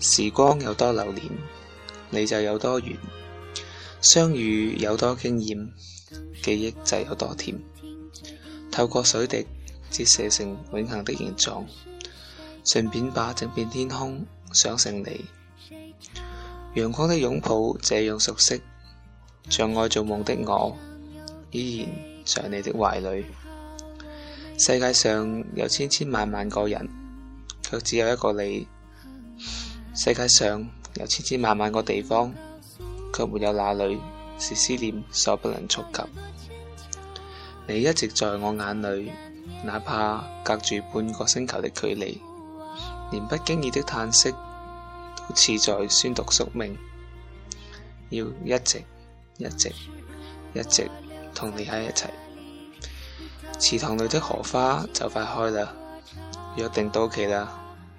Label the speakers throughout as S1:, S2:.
S1: 時光有多流年，你就有多遠；相遇有多驚豔，記憶就有多甜。透過水滴折射成永恒的形狀，順便把整片天空想成你。陽光的擁抱這樣熟悉，像愛做夢的我依然在你的懷裏。世界上有千千萬萬個人，卻只有一個你。世界上有千千萬萬個地方，卻沒有哪裡是思念所不能觸及。你一直在我眼裡，哪怕隔住半個星球的距離，連不經意的嘆息都似在宣讀宿命。要一直一直一直同你喺一齊，池塘裡的荷花就快開啦，約定到期啦，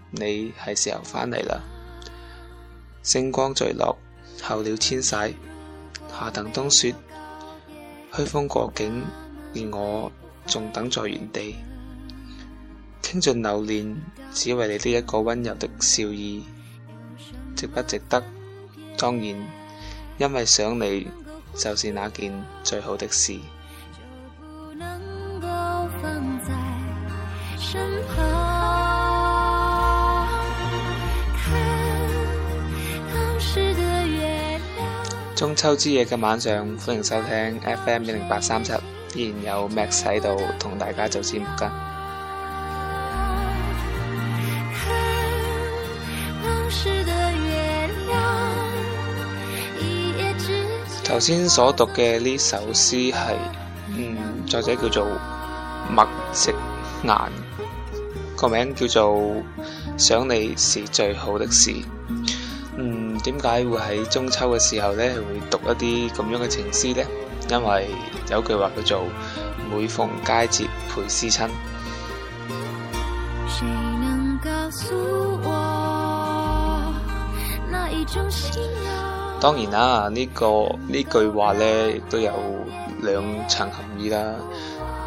S1: 你係時候返嚟啦。星光墜落，候鳥遷徙，夏等冬雪，西風過境，而我仲等在原地，傾盡流年，只為你的一個温柔的笑意，值不值得？當然，因為想你，就是那件最好的事。中秋之夜嘅晚上，歡迎收聽 FM 一零八三七，依然有 Max 喺度同大家做節目噶。頭先 所讀嘅呢首詩係，嗯，作者叫做麥植顏，個名叫做想你是最好的事。點解會喺中秋嘅時候咧，會讀一啲咁樣嘅情詩咧？因為有句話叫做每逢佳節倍思親。當然啦，呢個呢句話咧，亦都有兩層含義啦。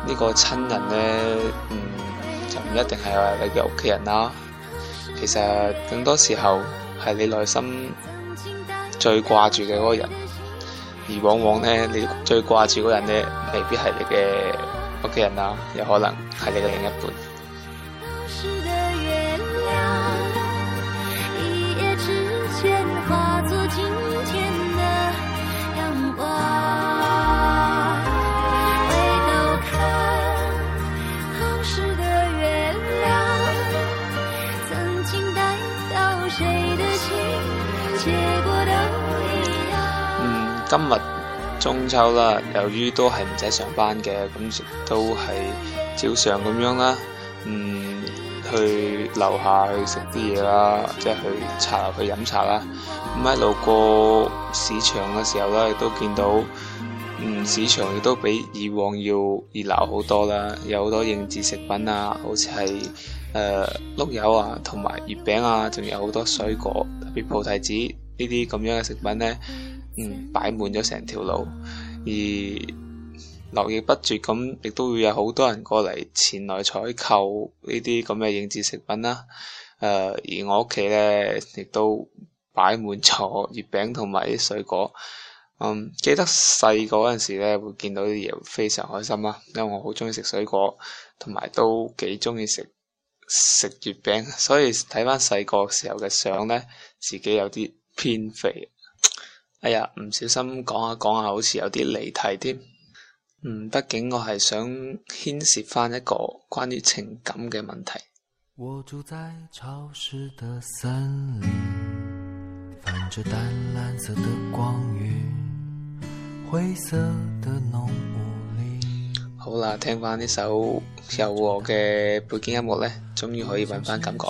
S1: 呢個親人咧，嗯，就唔一定係你嘅屋企人啦。其實更多時候。係你內心最掛住嘅嗰個人，而往往咧，你最掛住個人咧，未必係你嘅屋企人啊，有可能係你嘅另一半。今日中秋啦，由於都係唔使上班嘅，咁都係照常咁樣啦。嗯，去樓下去食啲嘢啦，即係去茶樓去飲茶啦。咁、嗯、一路過市場嘅時候咧，都見到嗯市場亦都比以往要熱鬧好多啦。有好多應節食品、呃、啊，好似係誒碌柚啊，同埋月餅啊，仲有好多水果，特別菩提子呢啲咁樣嘅食品咧。嗯，擺滿咗成條路，而絡繹不絕咁，亦都會有好多人過嚟前來採購呢啲咁嘅應節食品啦。誒、呃，而我屋企咧，亦都擺滿咗月餅同埋啲水果。嗯，記得細個嗰陣時咧，會見到啲嘢會非常開心啦，因為我好中意食水果，同埋都幾中意食食月餅，所以睇翻細個時候嘅相咧，自己有啲偏肥。哎呀，唔小心講下講下，好似有啲離題添。嗯，畢竟我係想牽涉翻一個關於情感嘅問題。灰色的濃霧裡，好啦，聽翻呢首柔和嘅背景音樂咧，終於可以揾翻感覺。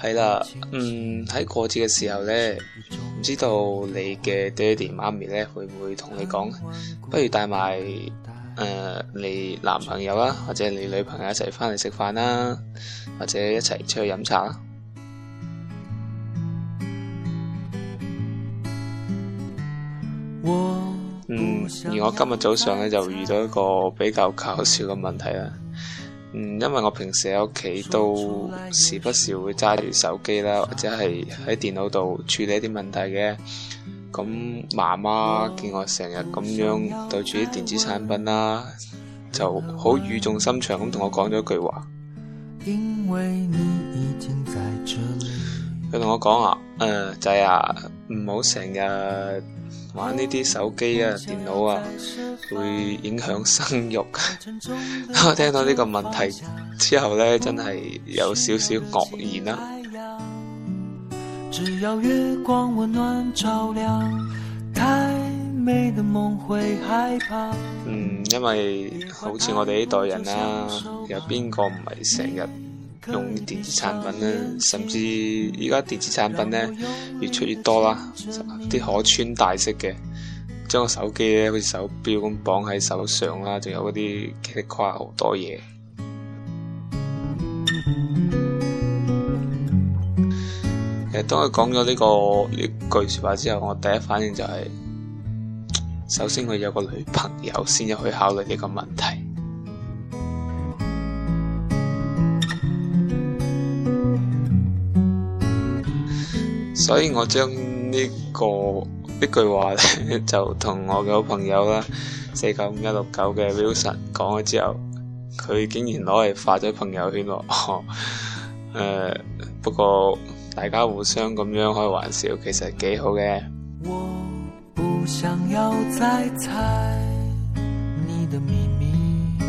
S1: 係啦，嗯嗯，嗯，喺過節嘅時候咧。知道你嘅爹哋媽咪咧，會唔會同你講？不如帶埋誒、呃、你男朋友啦，或者你女朋友一齊翻嚟食飯啦，或者一齊出去飲茶啦。嗯，而我今日早上咧就遇到一個比較搞笑嘅問題啦。嗯，因為我平時喺屋企都時不時會揸住手機啦，或者係喺電腦度處理一啲問題嘅。咁媽媽見我成日咁樣對住啲電子產品啦，就好語重心長咁同我講咗一句話。佢同我講啊，誒、嗯、仔，就是啊，唔好成日玩呢啲手機啊、電腦啊，會影響生育。 我聽到呢個問題之後咧，真係有少少愕然、啊。啦。太美的夢會害怕太嗯，因為好似我哋呢代人啦、啊，有邊個唔係成日？用電子產品咧，甚至而家電子產品咧越出越多啦，啲可穿戴式嘅，將個手機咧好似手錶咁綁喺手上啦，仲有嗰啲可以掛好多嘢。 其實當佢講咗呢個呢句説話之後，我第一反應就係、是，首先佢有個女朋友先至去考慮呢個問題。所以我將呢、這個呢句話咧， 就同我嘅好朋友啦，四九五一六九嘅 Wilson 講咗之後，佢竟然攞嚟發咗朋友圈咯。誒、 哦呃，不過大家互相咁樣開玩笑，其實幾好嘅。我，不想要再猜你的秘密。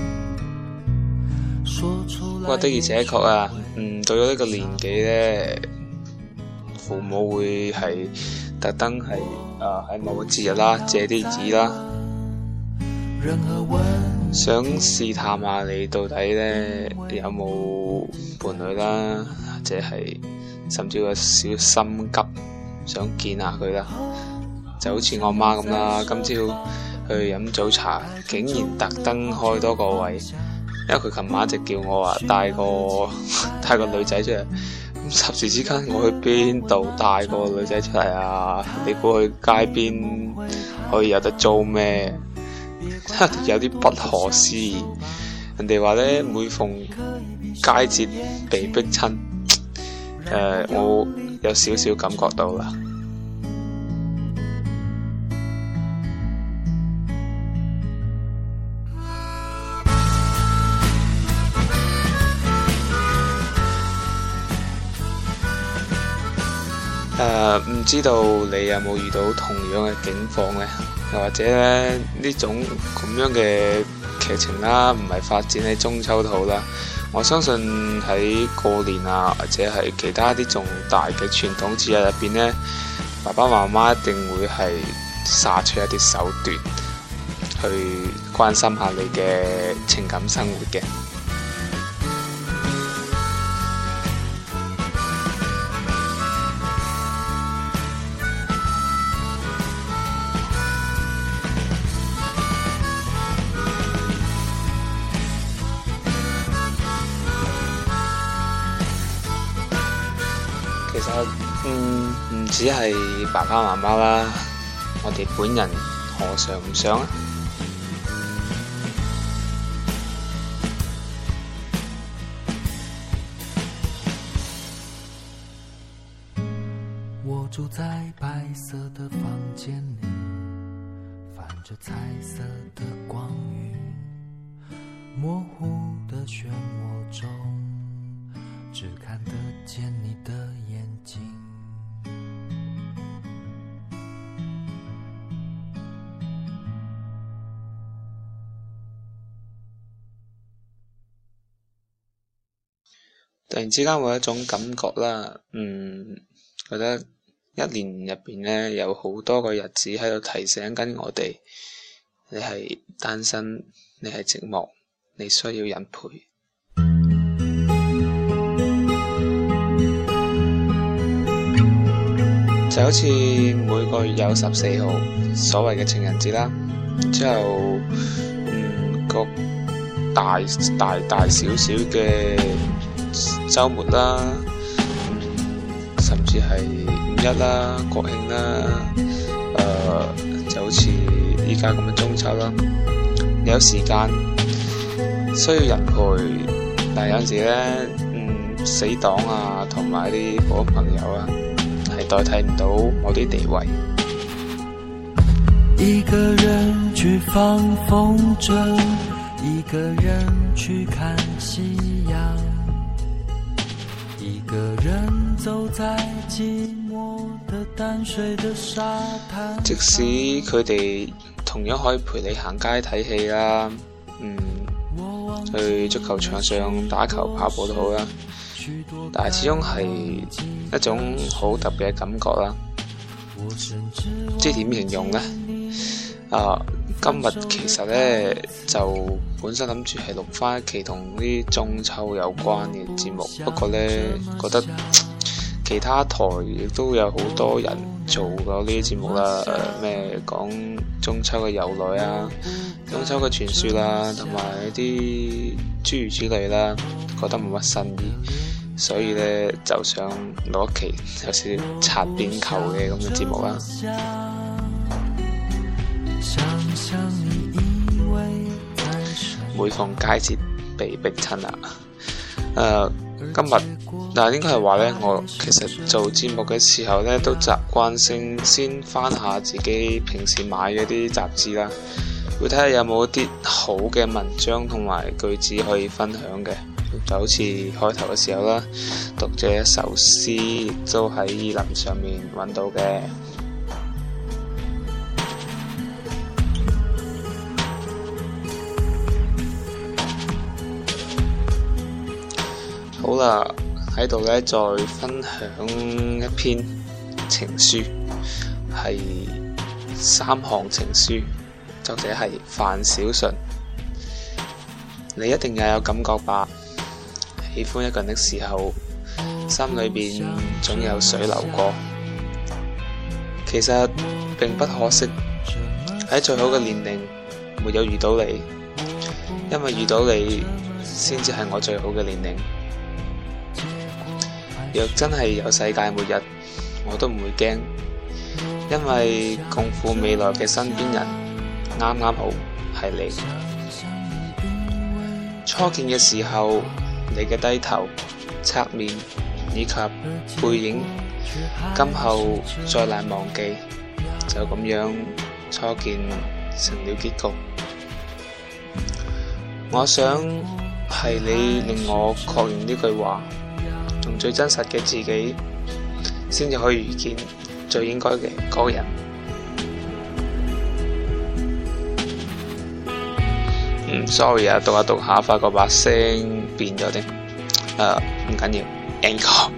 S1: 說出來，哇，的而且確啊，嗯，到咗呢個年紀咧。父母會係特登係啊喺某個節日啦，借啲紙啦，想試探下你到底咧有冇伴侶啦，或者係甚至有少心急想見下佢啦，就好似我媽咁啦，今朝去飲早茶，竟然特登開多個位，因為佢琴晚一直叫我話帶個、嗯、 帶個女仔出嚟。霎時之間，我去邊度帶個女仔出嚟啊？你估去街邊可以有得租咩？ 有啲不可思議。人哋話咧，每逢佳節被逼親，誒、呃，我有少少感覺到啦。誒，唔、uh, 知道你有冇遇到同樣嘅境況咧？又或者咧，呢種咁樣嘅劇情啦、啊，唔係發展喺中秋度啦。我相信喺過年啊，或者係其他啲重大嘅傳統節日入邊呢，爸爸媽媽一定會係耍出一啲手段去關心下你嘅情感生活嘅。唔，嗯，唔止係爸爸媽媽啦，我哋本人何嘗唔想啊？突然之間會有一種感覺啦，嗯，覺得一年入邊咧有好多個日子喺度提醒緊我哋，你係單身，你係寂寞，你需要人陪， 就好似每個月有十四號所謂嘅情人節啦，之後，嗯，個大大大小小嘅周末啦，甚至係五一啦、國慶啦，誒，就好似依家咁嘅中秋啦，有時間需要人陪，但係有陣時咧，嗯，死黨啊，同埋一啲好朋友啊，係代替唔到我啲地位。一個人去放風箏，一個人去看夕陽。即使佢哋同樣可以陪你行街睇戲啦，嗯，去足球場上打球跑步都好啦，但係始終係一種好特別嘅感覺啦，即係點形容咧？啊！今日其實咧就本身諗住係錄翻一期同啲中秋有關嘅節目，不過咧覺得其他台亦都有好多人做過呢啲節目啦，咩、呃、講中秋嘅由來啊、中秋嘅傳說啦、啊，同埋一啲諸如此類啦，覺得冇乜新意，所以咧就想攞一期有少少擦邊球嘅咁嘅節目啦。每逢佳節被逼親啊！呃，今日但應該係話呢，我其實做節目嘅時候呢，都習慣性先翻下自己平時買嗰啲雜誌啦，會睇下有冇一啲好嘅文章同埋句子可以分享嘅，就好似開頭嘅時候啦，讀咗一首詩都喺意林上面搵到嘅。好啦，喺度咧再分享一篇情書，係三行情書，作者係范小純。你一定也有感覺吧？喜歡一個人的時候，心裏邊總有水流過。其實並不可惜，喺最好嘅年齡沒有遇到你，因為遇到你，先至係我最好嘅年齡。若真係有世界末日，我都唔會驚，因為共赴未來嘅身邊人，啱啱好係你。初見嘅時候，你嘅低頭、側面以及背影，今後再難忘記。就咁樣初見成了結局。我想係你令我確認呢句話。同最真實嘅自己，先至可以遇見最應該嘅嗰個人。唔、嗯、sorry 啊，讀下讀下，發覺把聲變咗啲，誒唔緊要。Angle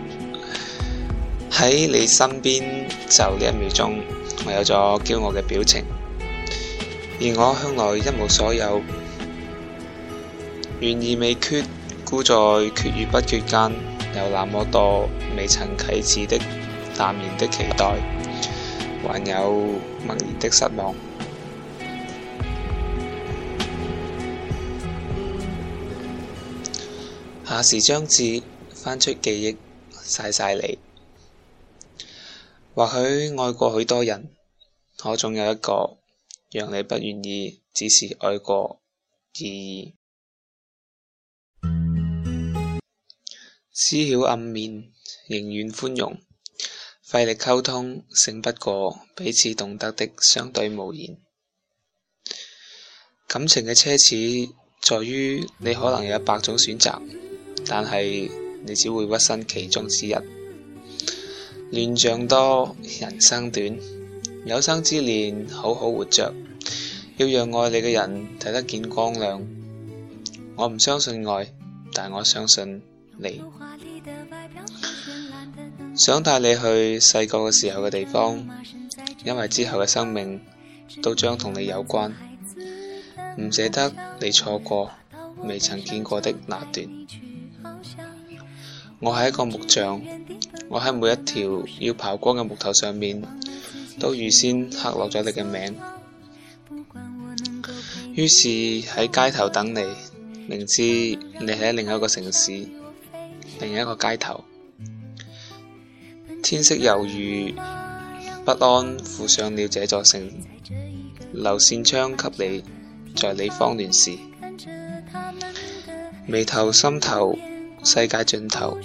S1: 喺你身邊就呢一秒鐘，我有咗驕傲嘅表情，而我向來一無所有，懸而未決，故在決與不決間。有那麼多未曾啟齒的淡然的期待，還有默然的失望。下時將至，翻出記憶，晒晒你。或許愛過許多人，可總有一個讓你不願意只是愛過而已。知曉暗面，仍願寬容，費力溝通，勝不過彼此懂得的相對無言。感情嘅奢侈在於你可能有一百種選擇，但係你只會屈身其中之一。亂象多，人生短，有生之年，好好活着，要讓愛你嘅人睇得見光亮。我唔相信愛，但我相信。想帶你去細個嘅時候嘅地方，因為之後嘅生命都將同你有關，唔捨得你錯過未曾見過的那段。我係一個木匠，我喺每一條要刨光嘅木頭上面都預先刻落咗你嘅名。於是喺街頭等你，明知你喺另一個城市。另一個街頭，天色猶豫不安，附上了這座城。留扇窗給你，在你慌亂時，眉頭、心頭、世界盡頭，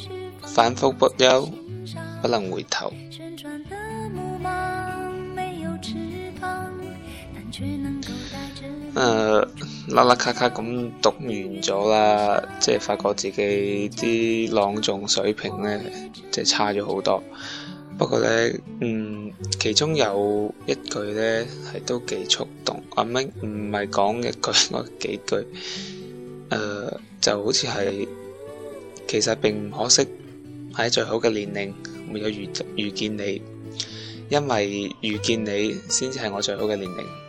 S1: 反覆不休，不能回頭。 呃。啦啦咔咔咁讀完咗啦，即係發覺自己啲朗誦水平咧，即係差咗好多。不過咧，嗯，其中有一句咧係都幾觸動。啱明唔係講一句，我 幾句，誒、呃、就好似係其實並唔可惜喺最好嘅年齡沒有遇遇見你，因為遇見你先至係我最好嘅年齡。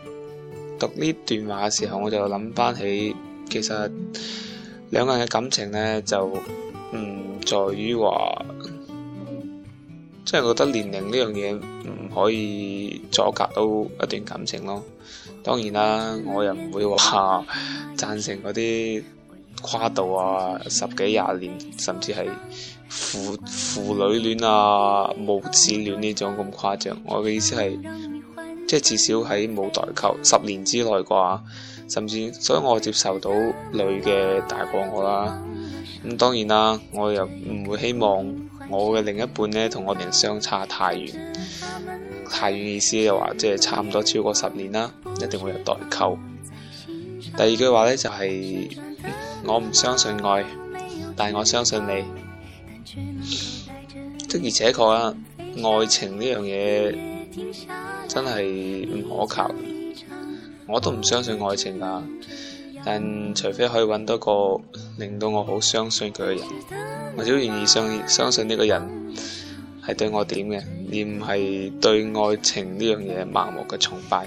S1: 讀呢段話嘅時候，我就諗翻起，其實兩個人嘅感情呢，就唔在於話，即係覺得年齡呢樣嘢唔可以阻隔到一段感情咯。當然啦，我又唔會話讚成嗰啲跨度啊，十幾廿年，甚至係父父女戀啊、母子戀呢種咁誇張。我嘅意思係。即係至少喺冇代溝十年之內啩，甚至所以我接受到女嘅大過我啦。咁、嗯、當然啦，我又唔會希望我嘅另一半呢同我哋相差太遠，太遠意思就話、是、即係差唔多超過十年啦，一定會有代溝。第二句話呢就係、是、我唔相信愛，但係我相信你。即而且佢啊確，愛情呢樣嘢。真係唔可靠，我都唔相信愛情㗎。但除非可以揾到個令到我好相信佢嘅人，我只願意相信呢個人係對我點嘅，而唔係對愛情呢樣嘢盲目嘅崇拜。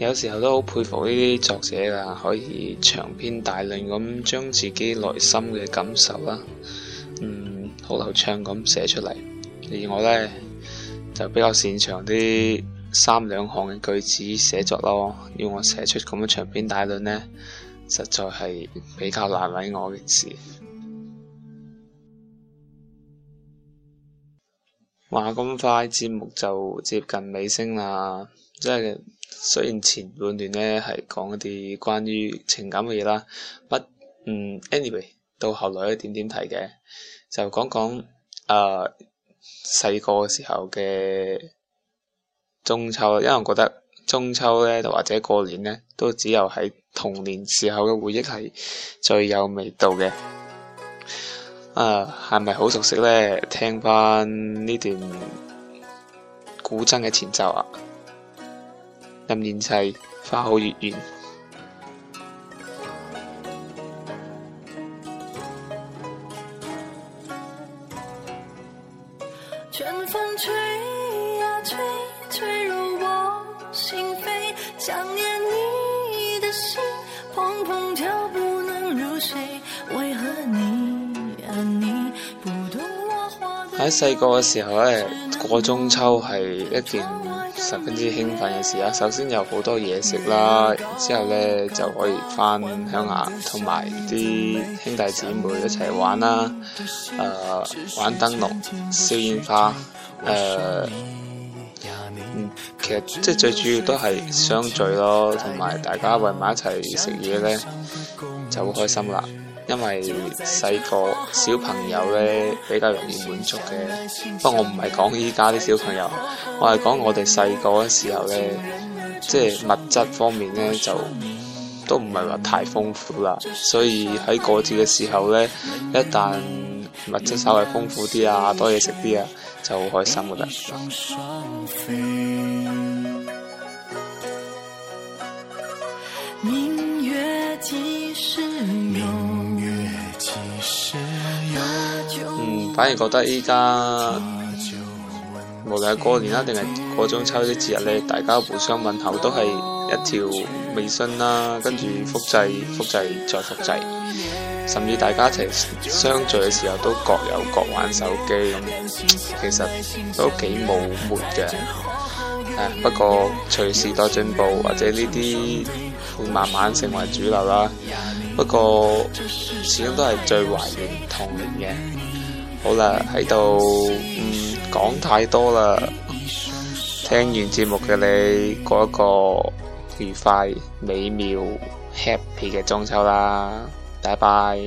S1: 有時候都好佩服呢啲作者啊，可以長篇大論咁將自己內心嘅感受啦，嗯，好流暢咁寫出嚟。而我呢，就比較擅長啲三兩行嘅句子寫作咯。要我寫出咁樣長篇大論呢，實在係比較難為我嘅事。話 咁樂快，節目就接近尾聲啦，即係。雖然前半段咧係講一啲關於情感嘅嘢啦，乜嗯，anyway，到後來一點點睇嘅，就講講誒細個時候嘅中秋，因為我覺得中秋咧，或者過年咧，都只有喺童年時候嘅回憶係最有味道嘅。誒、呃，係咪好熟悉咧？聽翻呢段古箏嘅前奏啊！任年齊花好月圓。喺細個嘅時候咧，過 中秋係一件十分之興奮嘅事啊！首先有好多嘢食啦，之後咧就可以翻鄉下，同埋啲兄弟姊妹一齊玩啦，啊，誒、呃、玩燈籠、燒煙花，誒、呃嗯，其實即係最主要都係相聚咯，同埋大家圍埋一齊食嘢咧就好開心啦～因為細個小朋友咧比較容易滿足嘅，不過我唔係講依家啲小朋友，我係講我哋細個嘅時候咧，即係物質方面咧就都唔係話太豐富啦，所以喺過節嘅時候咧，一旦物質稍微豐富啲啊，多嘢食啲啊，就好開心㗎啦。反而覺得依家無論係過年啊定係過中秋啲節日咧，大家互相問候都係一條微信啦，跟住複製、複製、複製再複製，甚至大家一齊相聚嘅時候都各有各玩手機，咁其實都幾無悶嘅，啊。不過隨時代進步或者呢啲會慢慢成為主流啦。不過始終都係最懷念童年嘅。好啦，喺度唔講太多啦。聽完節目嘅你，過一個愉快、美妙、happy 嘅中秋啦，拜拜。